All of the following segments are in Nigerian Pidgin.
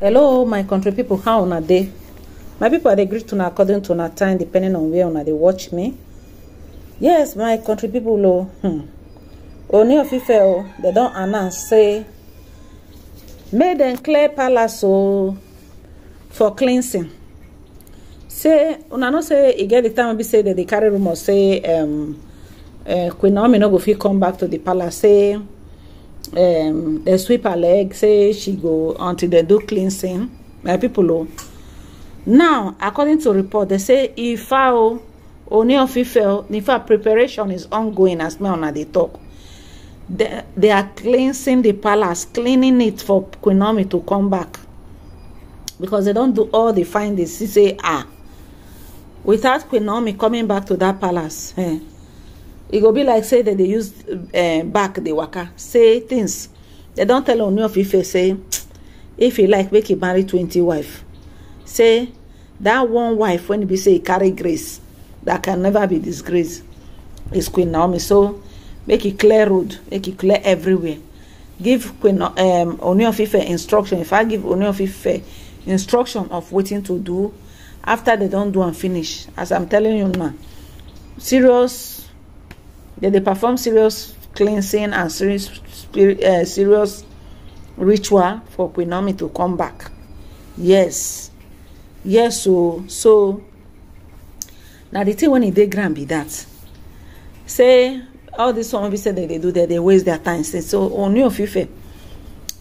hello my country people how una dey my people i dey greet una according to una time depending on where una dey watch me yes my country people o oh, hmm. Ooni of Ife o oh, dem don announce say make dem clear palace o oh, for cleansing say una know say e get the time be say dem dey carry rumour say um, uh, Queen Naomi no go fit come back to the palace say um, they sweep her leg say she go until they do cleansing my people oh! now according to report they say Ifa o oh, Ooni of Ife o oh, in fact preparation is ongoing as me una they talk they, they are cleansing the palace cleaning it for Queen to come back because they don't do all the findings see say ah without Queen coming back to that palace eh, e go be like say dem dey use eh, back dey waka say things dem don tell oni of ife say if e like make e marry twenty wife say dat one wife when e be say e carry grace that can never be disgrace is queen naomi so make e clear road make e clear everywhere give queen um, oni of ife instruction if i give oni of ife instruction of wetin to do after dem don do am finish as i'm telling you now serious They, they perform serious cleansing and serious, spirit, uh, serious ritual for Queen to come back. Yes. Yes, so so na the thing when e dey ground be that. Say all this one be say that they do that they waste their time. Say so Ooni of Ife uh,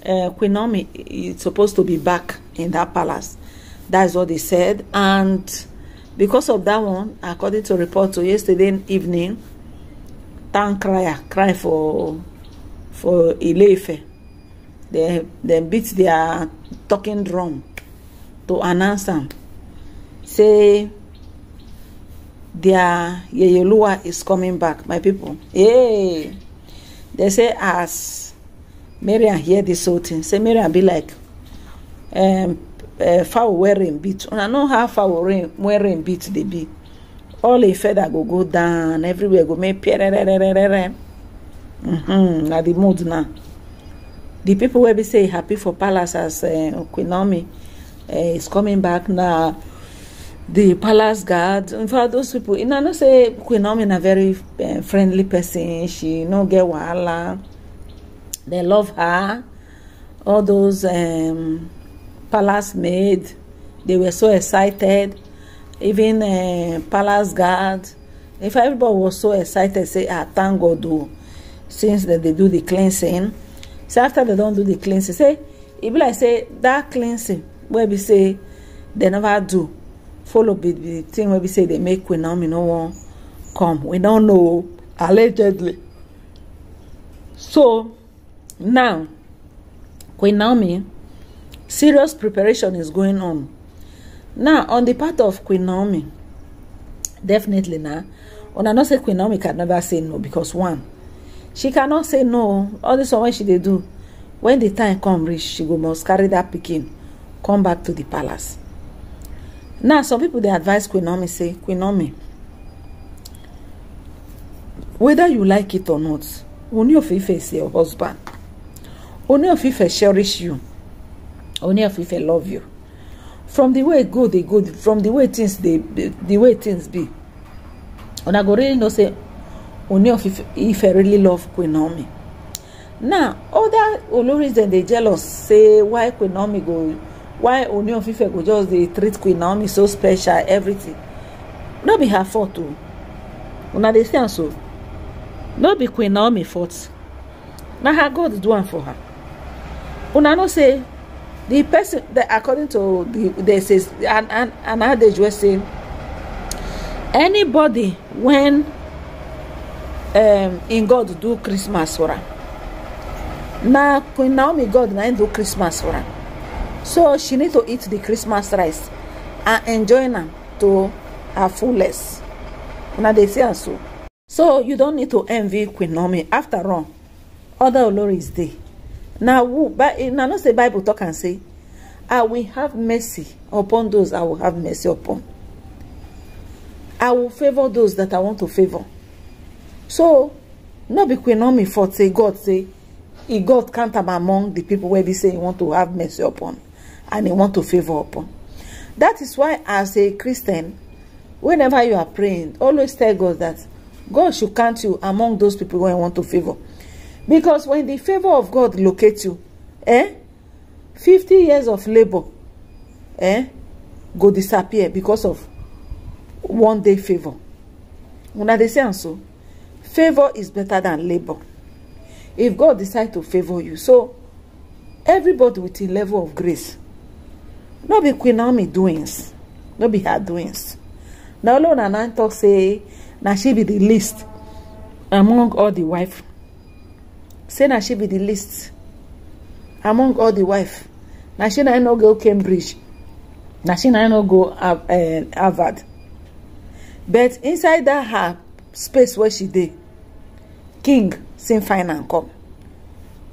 eh, Queen Naomi is supposed to be back in that palace. That's what they said. And because of that one, according to report to yesterday evening, town crier cry for for Ileife. They they beat their talking drum to announce them. say their Yeyoluwa is coming back, my people. Hey, they say as Mariam hear this whole thing, say Mariam be like um, uh, eh, fowl wey rain beat. Una know how fowl wearing when rain beat dey be all e feather go go down everywhere go make piererererere mm-hmm. na the mood now the people wey be say happy for palace as uh, eh, Queen Naomi uh, eh, is coming back na the palace guard in fact those people una know say Queen Naomi na very uh, friendly person she no get wahala they love her all those um, palace maid they were so excited even uh, palace guard if everybody was so excited say ah thank god do oh, since that they do the cleansing so after they don't do the cleansing say if I like say that cleansing where we say they never do follow be the thing where we say they make queen naomi no one come we don't know allegedly so now queen naomi serious preparation is going on now on the part of queen naomi definitely na una know say queen naomi can never say no because one she cannot say no all this one she they do When the time come reach she go must carry that picking, come back to the palace now some people they advise queen naomi say queen naomi whether you like it or not only if I is your husband Only if I cherish you Only if I love you from the way go dey go from the way things dey the way things be una go really know say Ooni of Ife really love Queen Naomi now other oloris dem dey jealous say why Queen Naomi go why Ooni of Ife go just dey treat Queen Naomi so special everything no be her fault o oh. una dey see am so no be Queen Naomi fault na her God do am for her una know say the person the, according to the there is an, an an adage wey say anybody when um, in god do christmas for am na queen naomi god na him do christmas for am so she need to eat the christmas rice and enjoy am to her fullest una they say am so so you don't need to envy queen naomi after all other glory is there na who eh, na no say bible talk and say i ah, will have mercy upon those i will have mercy upon i will favor those that i want to favor. so no be queen me for say god say e god count am among the people wey be say He want to have mercy upon and He want to favor upon that is why as a christian whenever you are praying always tell god that god should count you among those people wey you want to favor because when the favor of God locates you eh 50 years of labor, eh go disappear because of one day favour una dey say am so favour is better than labor. if God decide to favor you so everybody with im level of grace not be Queen army doings not be her doings na olona nan talk say na she be the least among all the wife say na she be the least among all the wife na she na no go cambridge na she na no go uh, uh, harvard but inside that her space where she dey king sin fine and come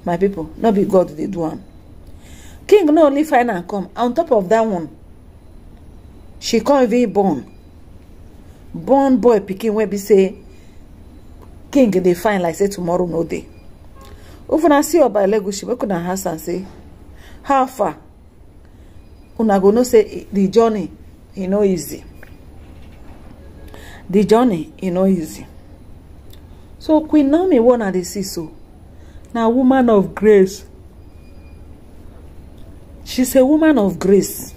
my people, no be god dey do am king no only fine and come on top of that one she come even born born boy pikin wey be say king dey fine like say tomorrow no dey una see oba elegushi make una ask am say how far una go know say di journey e no easy The journey e no easy so queen naomi one na dey see so Now woman of grace she's a woman of grace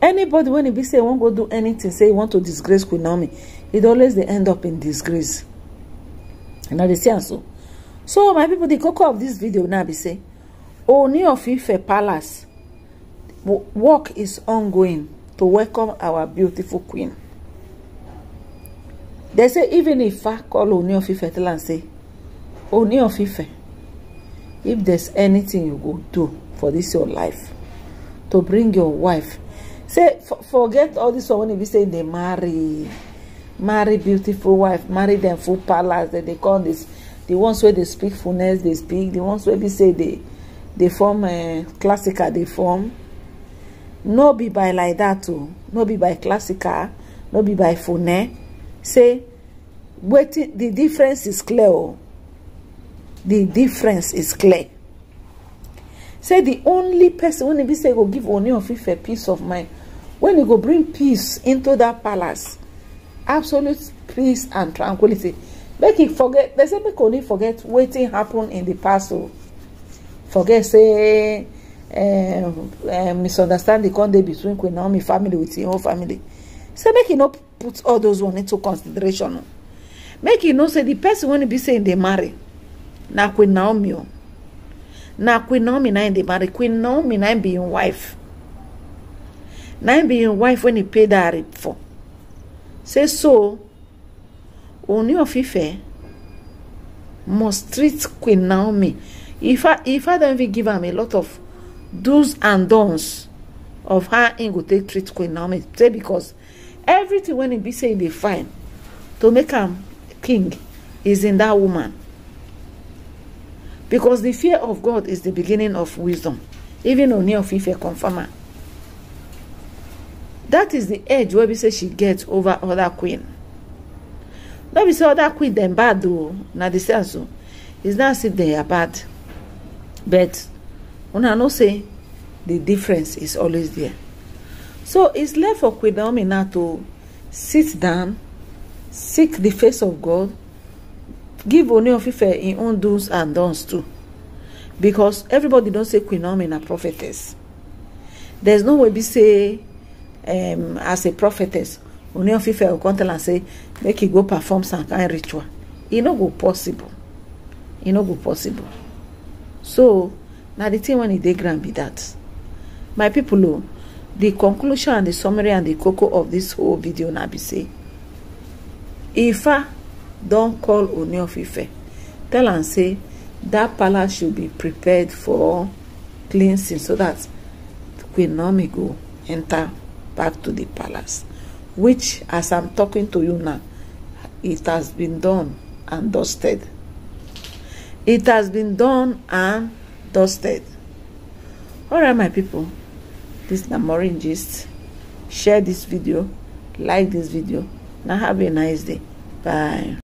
anybody when he be say won't go do anything say e want to disgrace queen naomi it always they end up in disgrace and i dey so so my people the cocoa of this video now be say Ooni of Ife Palace work is ongoing to welcome our beautiful queen they say even if I call Ooni of Ife tell am say Ooni of Ife if there's anything you go do for this your life to bring your wife say forget all this one when e say they marry marry beautiful wife marry them full palace then they call this the ones wey dey speak fullness dey speak the ones wey be say dey dey form uh, classical dey form no be by like that o oh. no be by classical no be by fullness say wetin the difference is clear o oh. the difference is clear say the only person wey be say go give Ooni of Ife peace of mind when e go bring peace into that palace absolute peace and tranquility make e forget they say make only forget wetin happen in the past o oh. forget say um, um, misunderstanding come dey between queen naomi family with im own family say make e no put all those one into consideration o oh. make e know say the person wey be say im dey marry na queen naomi oh. na queen naomi na im dey marry queen naomi na im be im wife na im be im wife when he pay dowry for say so Oni of must treat Queen Naomi. If Ifa Ifa don even give am a lot of do's and don'ts of how im go take treat Queen Naomi say because everything wey im be say im dey find to make am king is in that woman because the fear of God is the beginning of wisdom even Oni ofife, Ife confirm am that is the edge wey be say she get over other queen no be say other queen dem bad o na the sense o it's not say they are bad but una know say the difference is always there so it's left for queen naomi now to sit down seek the face of god give Ooni of Ife im own do's and dons too because everybody don say Queen Naomi na prophetess there's no way be say um, as a prophetess union fifa go come tell am say make he go perform some kind ritual e no go possible e no go possible so na the thing when e dey ground be that my people o the conclusion and the summary and the koko of this whole video na be say ifa don call oni of tell am say that palace should be prepared for cleansing so that queen naomi go enter back to the palace which as I'm talking to you now, it has been done and dusted. It has been done and dusted. All right, my people, this is Namorin Gist. Share this video, like this video. Now have a nice day. Bye.